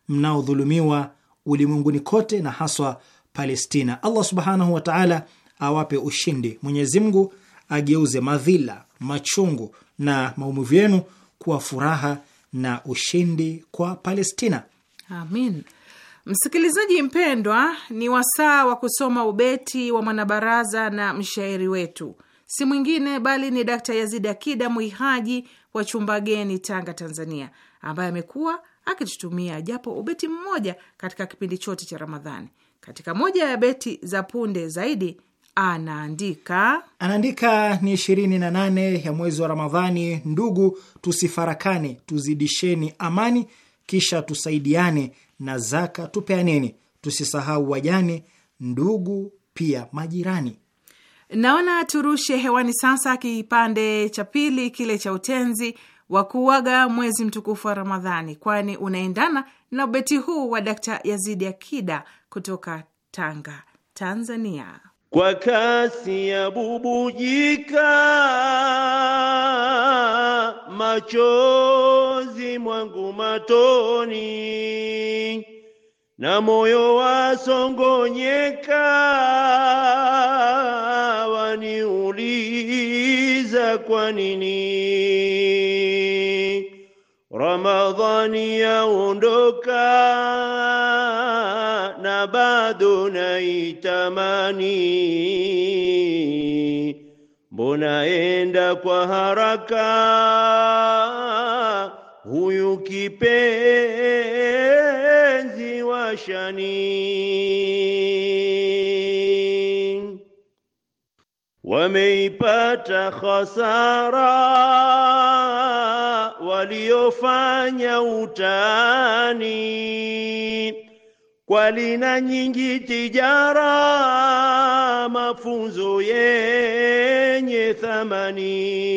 mnaodhulumiwa ulimwenguni kote na haswa Palestina. Allah subhanahu wataala awape ushindi. Mwenyezi Mungu ageuze madhila, machungu na maumivu yenu kuwa furaha na ushindi kwa Palestina. Amin. Msikilizaji mpendwa, ni wasaa wa kusoma ubeti wa mwanabaraza na mshairi wetu, si mwingine bali ni Dakta Yazid Akida Mwihaji wa Chumbageni, Tanga, Tanzania, ambaye amekuwa akitutumia japo ubeti mmoja katika kipindi chote cha Ramadhani. Katika moja ya beti za punde zaidi anaandika anaandika ni ishirini na nane ya mwezi wa Ramadhani. Ndugu, tusifarakane, tuzidisheni amani, kisha tusaidiane na zaka tupeaneni, tusisahau wajane, ndugu pia majirani. Naona turushe hewani sasa kipande cha pili kile cha utenzi wa kuuaga mwezi mtukufu wa Ramadhani, kwani unaendana na ubeti huu wa Dakta Yazidi Akida kutoka Tanga, Tanzania kwa kasi ya bubujika, machozi mwangu matoni, na moyo wasongonyeka, waniuliza kwa nini Ramadhani yaondoka bado naitamani, mbona enda kwa haraka huyu kipenzi washani, wameipata khasara waliofanya utani kwa lina nyingi tijara, mafunzo yenye thamani,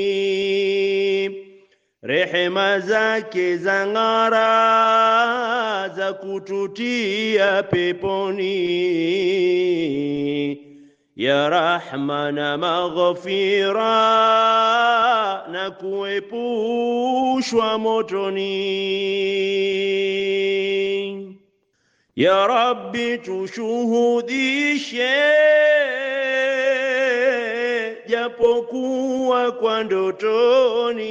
rehema zake za ng'ara, za kututia peponi ya rahma na maghfira na kuepushwa motoni. Ya Rabbi, tushuhudishe japokuwa kwa ndotoni,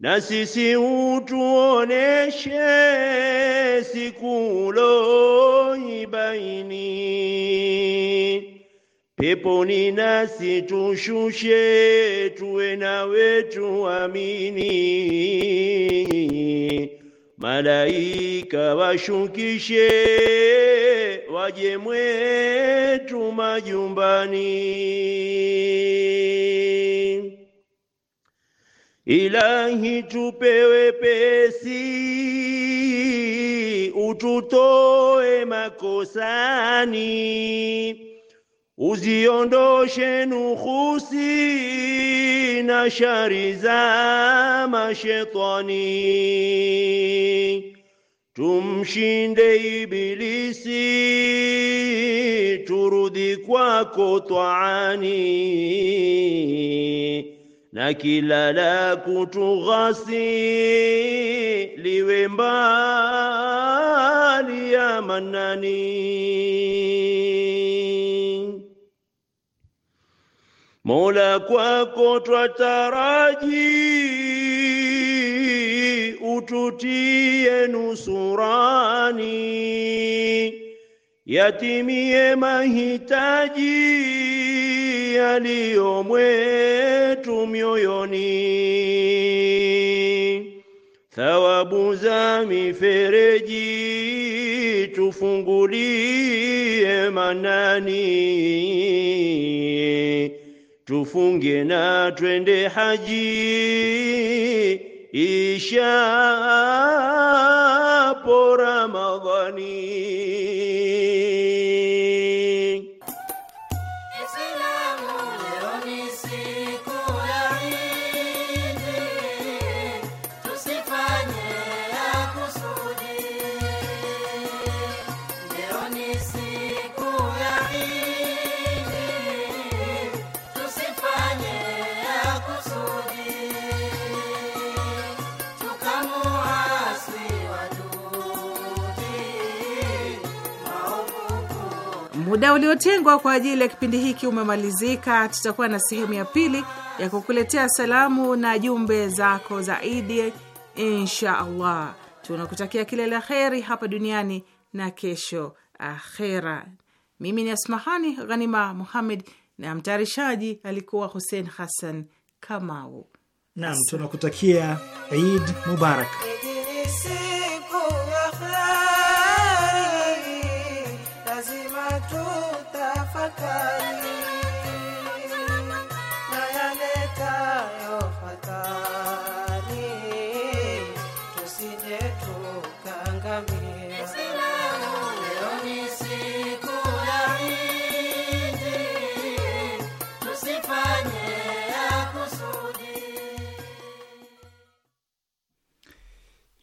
na sisi utuoneshe siku uloibaini. Peponi nasi tushushe, tuwe wetu amini Malaika washukishe waje mwetu majumbani. Ilahi tupewe pesi ututoe makosani Uziondoshe nukhusi na shari za mashetani, tumshinde Ibilisi, turudi kwako twaani, na kila la kutughasi liwe mbali ya Manani. Mola, kwako twataraji, ututie nusurani, yatimie mahitaji yaliyo mwetu mioyoni, thawabu za mifereji tufungulie manani tufunge na twende haji ishapo Ramadhani. Muda uliotengwa kwa ajili ya kipindi hiki umemalizika. Tutakuwa na sehemu ya pili ya kukuletea salamu na jumbe zako za Idi, insha Allah. Tunakutakia kila la kheri hapa duniani na kesho akhera. Mimi ni Asmahani Ghanima Muhammed na mtayarishaji alikuwa Hussein Hassan Kamau. Naam, tunakutakia Eid Mubarak.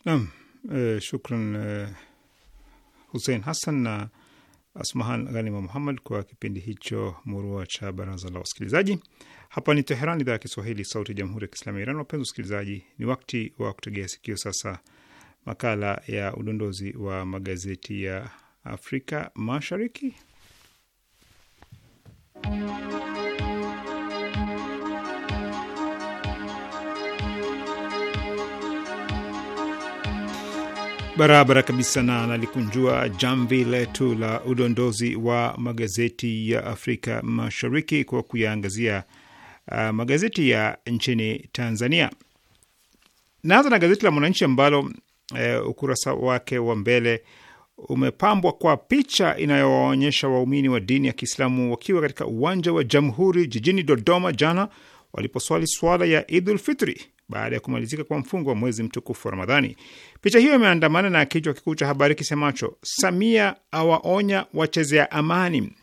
Naam, e, shukran e, eh, Husein Hassan na Asmahan Ghanima Muhammad kwa kipindi hicho murua cha baraza la wasikilizaji. Hapa ni Teheran, idhaa ya Kiswahili, sauti ya jamhuri ya kiislamu ya Iran. Wapenzi wasikilizaji, ni wakati wa kutegea sikio sasa makala ya udondozi wa magazeti ya Afrika Mashariki. Barabara kabisa, na nalikunjua jamvi letu la udondozi wa magazeti ya Afrika Mashariki kwa kuyaangazia uh, magazeti ya nchini Tanzania. Naanza na gazeti la Mwananchi ambalo uh, ukurasa wake wa mbele umepambwa kwa picha inayowaonyesha waumini wa dini ya Kiislamu wakiwa katika uwanja wa Jamhuri jijini Dodoma jana waliposwali swala ya Idul Fitri baada ya kumalizika kwa mfungo wa mwezi mtukufu wa Ramadhani. Picha hiyo imeandamana na kichwa kikuu cha habari kisemacho Samia awaonya wachezea amani.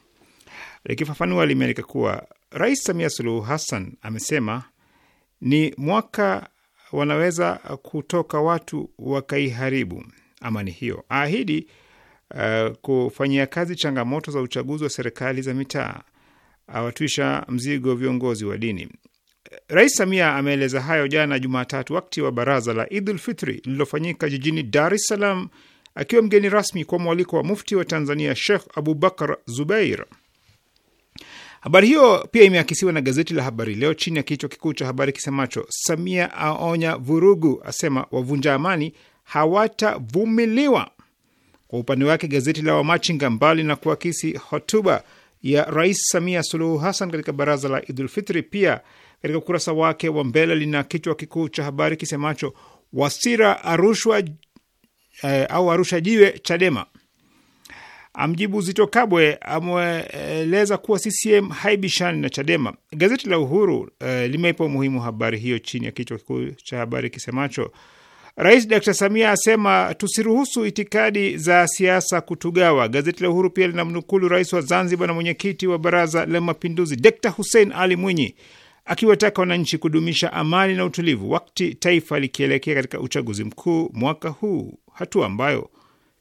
Likifafanua, limeandika kuwa Rais Samia Suluhu Hassan amesema ni mwaka wanaweza kutoka watu wakaiharibu amani hiyo. Aahidi uh, kufanyia kazi changamoto za uchaguzi wa serikali za mitaa. Awatwisha mzigo viongozi wa dini. Rais Samia ameeleza hayo jana Jumatatu wakati wa baraza la Idul Fitri lililofanyika jijini Dar es Salaam akiwa mgeni rasmi kwa mwaliko wa mufti wa Tanzania Sheikh Abubakar Zubeir. Habari hiyo pia imeakisiwa na gazeti la Habari Leo chini ya kichwa kikuu cha habari kisemacho Samia aonya vurugu, asema wavunja amani hawatavumiliwa. Kwa upande wake gazeti la Wamachinga, mbali na kuakisi hotuba ya Rais Samia Suluhu Hassan katika baraza la Idul Fitri, pia katika ukurasa wake wa mbele lina kichwa kikuu cha habari kisemacho Wasira arushwa eh, au arusha jiwe Chadema amjibu Zito Kabwe, ameeleza kuwa CCM haibishani na Chadema. Gazeti la Uhuru eh, limeipa umuhimu habari hiyo chini ya kichwa kikuu cha habari kisemacho Rais Dr Samia asema tusiruhusu itikadi za siasa kutugawa. Gazeti la Uhuru pia linamnukulu rais wa Zanzibar na mwenyekiti wa Baraza la Mapinduzi Dr Hussein Ali Mwinyi akiwataka wananchi kudumisha amani na utulivu wakati taifa likielekea katika uchaguzi mkuu mwaka huu, hatua ambayo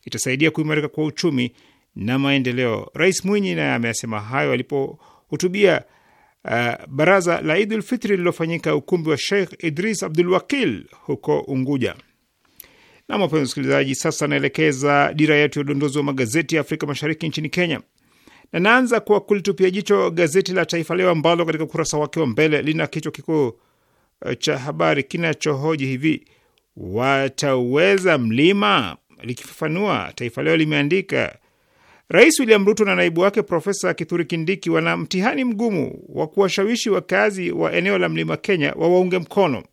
itasaidia kuimarika kwa uchumi na maendeleo. Rais Mwinyi naye ameyasema hayo alipohutubia uh, baraza la Idul Fitri lililofanyika ukumbi wa Sheikh Idris Abdul Wakil huko Unguja. Na wapenzi sasa naelekeza dira yetu ya udondozi wa magazeti ya Afrika Mashariki nchini Kenya na naanza kwa kulitupia jicho gazeti la Taifa Leo ambalo katika ukurasa wake wa mbele lina kichwa kikuu eh, cha habari kinachohoji hivi, wataweza mlima? Likifafanua, Taifa Leo limeandika Rais William Ruto na naibu wake Profesa kithuri Kindiki wana mtihani mgumu wa kuwashawishi wakazi wa eneo la mlima Kenya wawaunge mkono.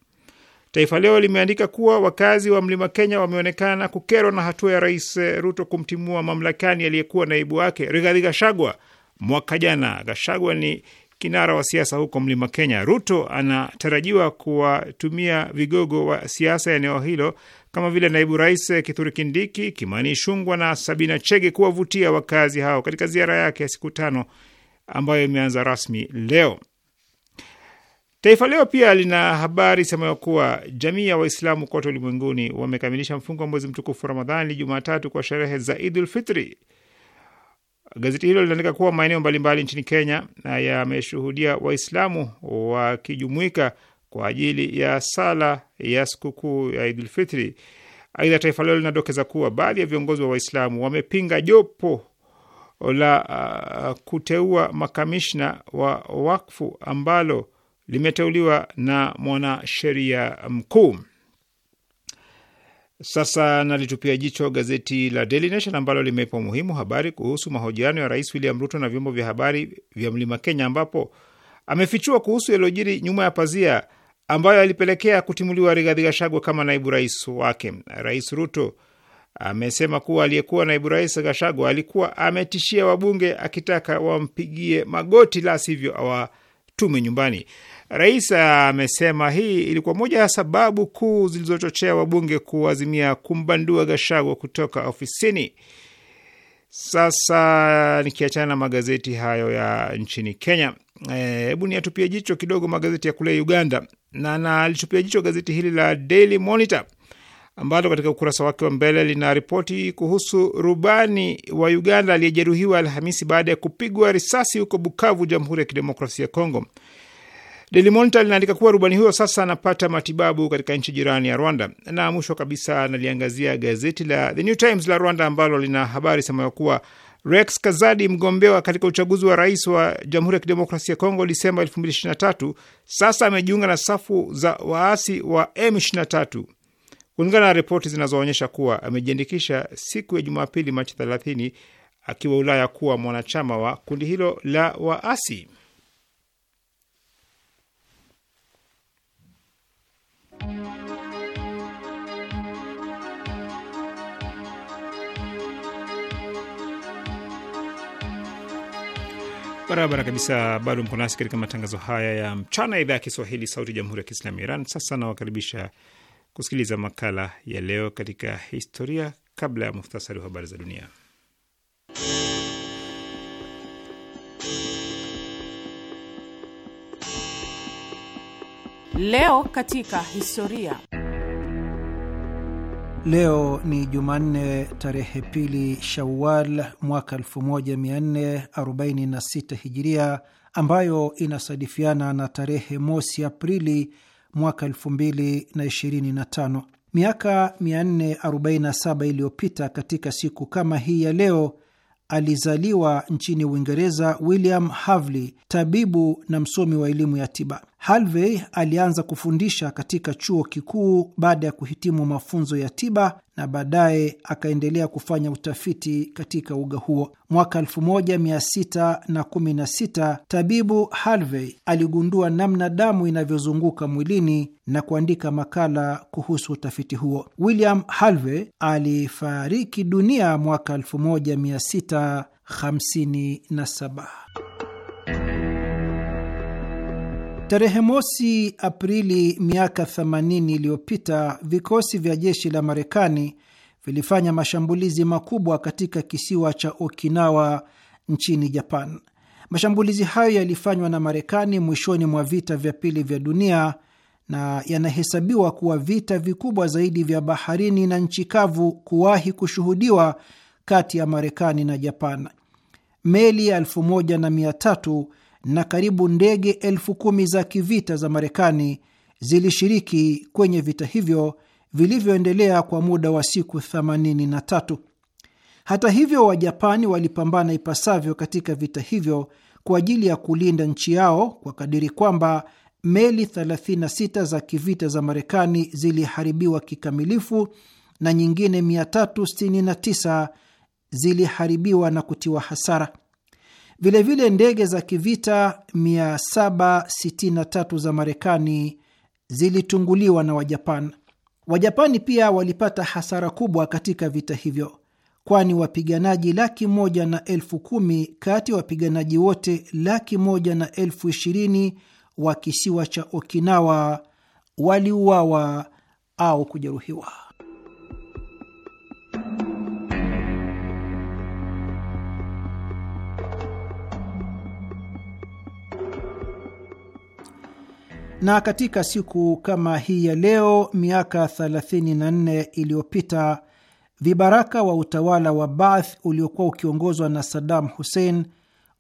Taifa Leo limeandika kuwa wakazi wa mlima Kenya wameonekana kukerwa na hatua ya Rais Ruto kumtimua mamlakani aliyekuwa naibu wake Rigathi Gachagua mwaka jana. Gachagua ni kinara wa siasa huko mlima Kenya. Ruto anatarajiwa kuwatumia vigogo wa siasa ya eneo hilo kama vile naibu rais Kithuri Kindiki, Kimani Ichung'wah na Sabina Chege kuwavutia wakazi hao katika ziara yake ya siku tano ambayo imeanza rasmi leo. Taifa Leo pia lina habari semayo kuwa jamii ya Waislamu kote ulimwenguni wamekamilisha mfungo wa mwezi mtukufu Ramadhani Jumatatu kwa sherehe za Idul Fitri. Gazeti hilo linaandika kuwa maeneo mbalimbali nchini Kenya yameshuhudia Waislamu wakijumuika kwa ajili ya sala ya sikukuu ya Idul Fitri. Aidha, Taifa Leo linadokeza kuwa baadhi ya viongozi wa Waislamu wamepinga jopo la uh, kuteua makamishna wa wakfu ambalo limeteuliwa na mwanasheria mkuu. Sasa nalitupia jicho gazeti la Daily Nation ambalo limeipa umuhimu habari kuhusu mahojiano ya Rais William Ruto na vyombo vya habari vya Mlima Kenya, ambapo amefichua kuhusu yaliyojiri nyuma ya pazia ambayo alipelekea kutimuliwa Rigathi Gachagua kama naibu rais wake. Rais Ruto amesema kuwa aliyekuwa naibu rais Gachagua alikuwa ametishia wabunge akitaka wampigie magoti, la sivyo awa tume nyumbani. Rais amesema hii ilikuwa moja ya sababu kuu zilizochochea wabunge kuazimia kumbandua Gashagwa kutoka ofisini. Sasa nikiachana na magazeti hayo ya nchini Kenya, eh, hebu niatupia jicho kidogo magazeti ya kule Uganda, na nalitupia jicho gazeti hili la Daily Monitor ambalo katika ukurasa wake wa mbele lina ripoti kuhusu rubani wa Uganda aliyejeruhiwa Alhamisi baada ya kupigwa risasi huko Bukavu, Jamhuri ya Kidemokrasia ya Kongo. Daily Monitor linaandika kuwa rubani huyo sasa anapata matibabu katika nchi jirani ya Rwanda. Na mwisho kabisa analiangazia gazeti la The New Times la Rwanda ambalo lina habari semayo kuwa Rex Kazadi, mgombea katika uchaguzi wa rais wa Jamhuri ya Kidemokrasia ya Kongo Disemba 2023, sasa amejiunga na safu za waasi wa M23 kulingana na ripoti zinazoonyesha kuwa amejiandikisha siku ya Jumapili, Machi 30 akiwa Ulaya kuwa mwanachama wa kundi hilo la waasi. Barabara kabisa, bado mko nasi katika matangazo haya ya mchana idhaa ya Kiswahili, Sauti ya Jamhuri ya Kiislamu ya Iran. Sasa nawakaribisha kusikiliza makala ya leo katika historia, kabla ya muhtasari wa habari za dunia. Leo katika historia. Leo ni Jumanne tarehe pili Shawal mwaka 1446 Hijiria, ambayo inasadifiana na tarehe mosi Aprili mwaka 2025. Miaka 447 iliyopita katika siku kama hii ya leo alizaliwa nchini Uingereza William Havley, tabibu na msomi wa elimu ya tiba. Halvey alianza kufundisha katika chuo kikuu baada ya kuhitimu mafunzo ya tiba na baadaye akaendelea kufanya utafiti katika uga huo. Mwaka 1616 tabibu Halvey aligundua namna damu inavyozunguka mwilini na kuandika makala kuhusu utafiti huo. William Halvey alifariki dunia mwaka 1657. Tarehe mosi Aprili miaka 80 iliyopita vikosi vya jeshi la Marekani vilifanya mashambulizi makubwa katika kisiwa cha Okinawa nchini Japan. Mashambulizi hayo yalifanywa na Marekani mwishoni mwa vita vya pili vya dunia na yanahesabiwa kuwa vita vikubwa zaidi vya baharini na nchi kavu kuwahi kushuhudiwa kati ya Marekani na Japan. Meli elfu moja na mia tatu na karibu ndege elfu kumi za kivita za Marekani zilishiriki kwenye vita hivyo vilivyoendelea kwa muda wa siku 83. Hata hivyo, Wajapani walipambana ipasavyo katika vita hivyo kwa ajili ya kulinda nchi yao kwa kadiri kwamba meli 36 za kivita za Marekani ziliharibiwa kikamilifu na nyingine 369 ziliharibiwa na kutiwa hasara. Vilevile ndege za kivita 763 za Marekani zilitunguliwa na Wajapan. Wajapani pia walipata hasara kubwa katika vita hivyo, kwani wapiganaji laki moja na elfu kumi kati ya wapiganaji wote laki moja na elfu ishirini wa kisiwa cha Okinawa waliuawa au kujeruhiwa. Na katika siku kama hii ya leo miaka 34 iliyopita vibaraka wa utawala wa Baath uliokuwa ukiongozwa na Saddam Hussein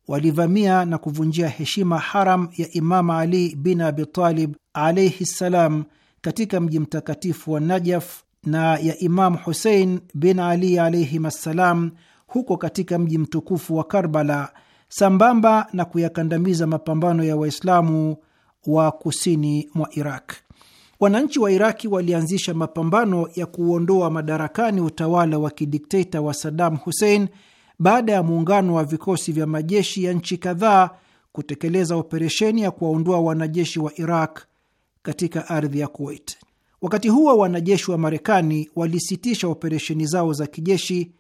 walivamia na kuvunjia heshima haram ya Imam Ali bin Abitalib alaihi ssalam katika mji mtakatifu wa Najaf na ya Imamu Husein bin Ali alaihim assalam huko katika mji mtukufu wa Karbala, sambamba na kuyakandamiza mapambano ya Waislamu wa kusini mwa Iraq. Wananchi wa Iraki walianzisha mapambano ya kuuondoa madarakani utawala wa kidikteta wa Saddam Hussein baada ya muungano wa vikosi vya majeshi ya nchi kadhaa kutekeleza operesheni ya kuwaondoa wanajeshi wa Iraq katika ardhi ya Kuwait. Wakati huo wanajeshi wa Marekani walisitisha operesheni zao za kijeshi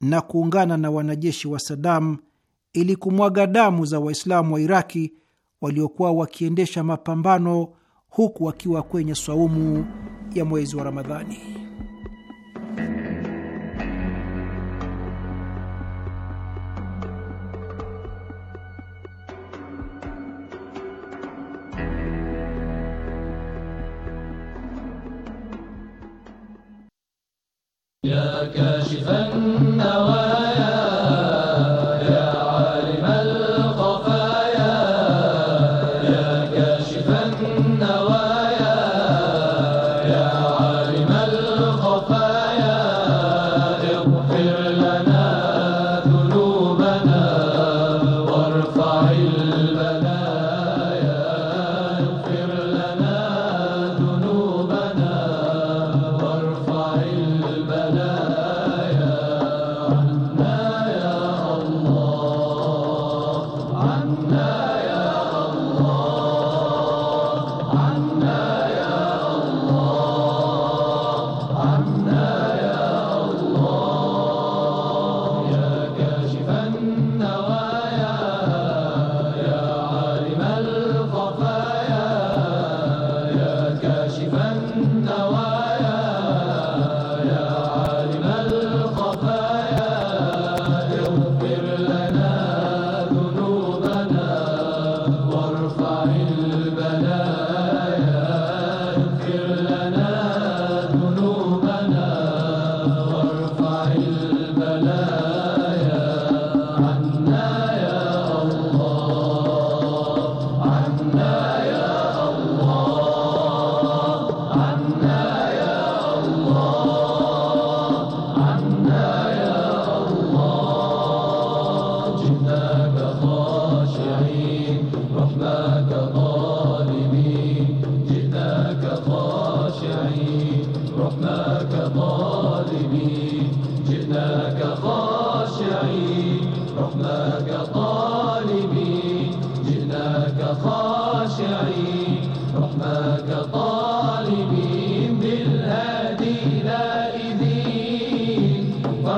na kuungana na wanajeshi wa Saddam ili kumwaga damu za Waislamu wa Iraki waliokuwa wakiendesha mapambano huku wakiwa kwenye swaumu ya mwezi wa Ramadhani. Ya kashifan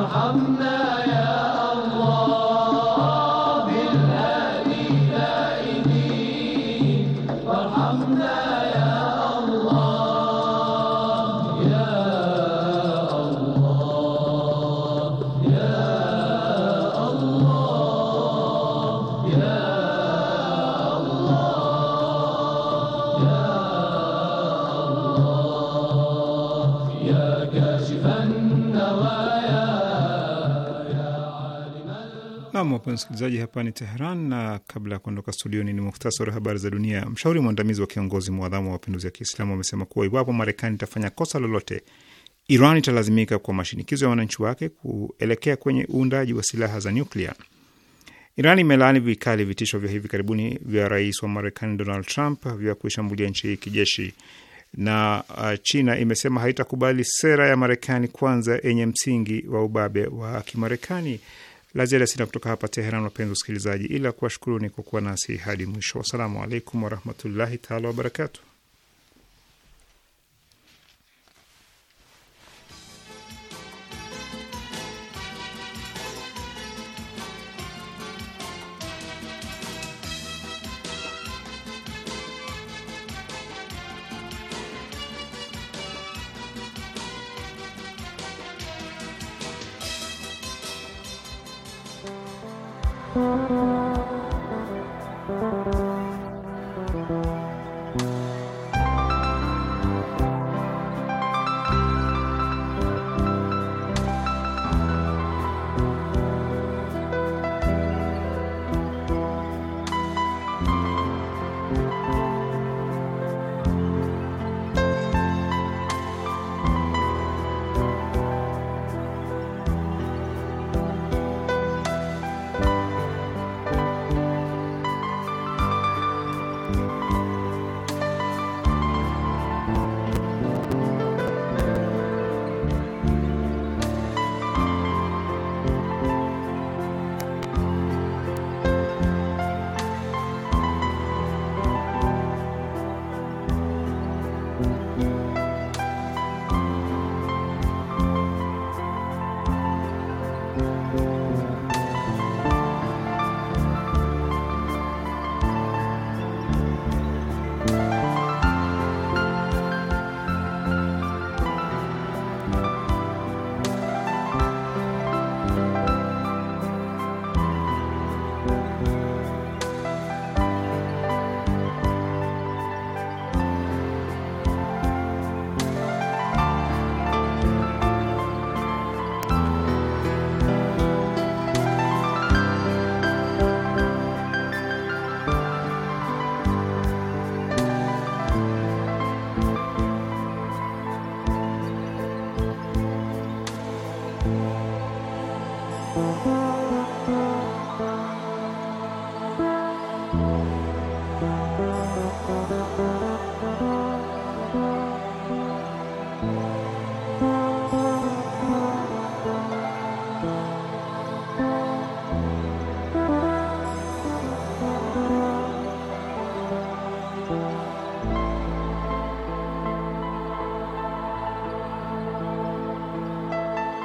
Muhammed wapenzi wasikilizaji, hapa ni Teheran, na kabla ya kuondoka studioni ni muhtasari wa habari za dunia. Mshauri mwandamizi wa kiongozi mwadhamu wa mapinduzi ya Kiislamu amesema kuwa iwapo Marekani itafanya kosa lolote, Iran italazimika kwa mashinikizo ya wananchi wake kuelekea kwenye uundaji wa silaha za nyuklia. Iran imelaani vikali vitisho vya hivi karibuni vya rais wa Marekani Donald Trump vya kuishambulia nchi hii kijeshi na uh, China imesema haitakubali sera ya Marekani kwanza yenye msingi wa ubabe wa Kimarekani la ziada sina kutoka hapa Teheran, wapenzi usikilizaji ila kuwashukuru ni kukuwa nasi hadi mwisho. Wassalamu alaikum warahmatullahi taala wabarakatu.